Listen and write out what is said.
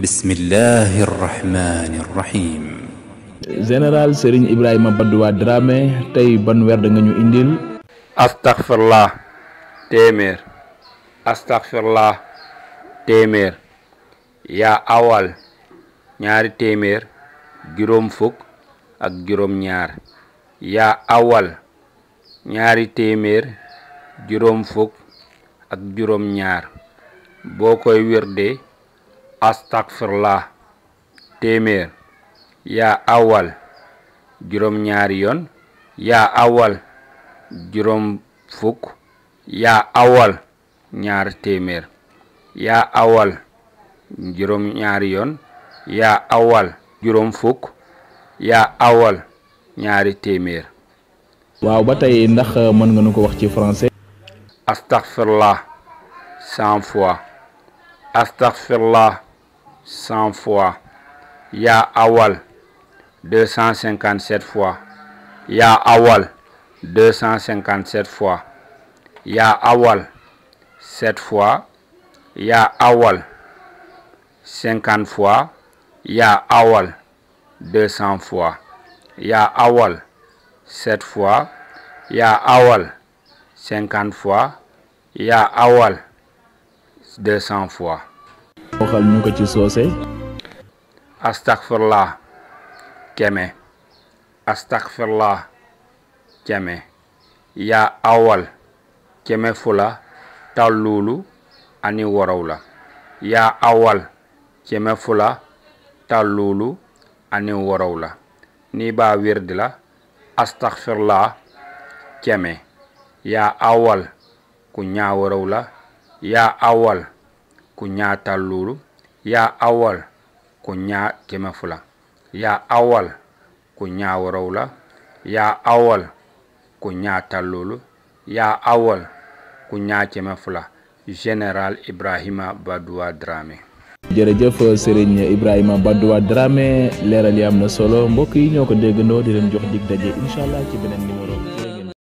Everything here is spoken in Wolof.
بسم الله الرحمن الرحيم général Ibrahima Badouwa Dramé tey ban werd nga ñu indil astaghfirullah téeméer astaghfirullah téeméer awal ñaari téeméer juróom fukk ak juróom ñaar yaa awal ñaari téeméer juróom fukk ak juróom ñaar boo koy wérdee astagfirullah téeméer yaa awal juróom ñaari yoon yaa awal juróom fukk yaa awal ñaar yaa awal juróom ñaari yoon yaa awal juróom yaa awal ñaari téeméer waaw ba tey ndax euh, mën nga nu ko wax ci français astaghfirullah cent fois astaghfirullah cent fois yaa awal deux cent cinquante sept fois yaa awal deux cent cinquante sept fois yaa awal sept fois yaa awal cinquante fois yaa awal deux cent fois yaa awal sept fois yaa awal cinquante fois yaa awal deux cent fois defal ñu ko ci soose astaghfirullah keme astaghfirullah keme yaa awal keme fula talluulu ani worowla yaa awal keme fula talluulu ani worowla ni baa wirdi la astaghfirullah keme yaa awal ku ñaaworowla yaa awal kunyata lulu ya awal kunya keme fula ya awal kunya worawla ya awal kunya tallulu ya awal kunya keme fula général Ibrahima Badoua Dramé jërëjëf sëriñ Ibrahima Badoua Dramé leeral yi am na solo mbokk yi ñoo ko déggandoo di leen jox dig daje incha allah ci beneen numéro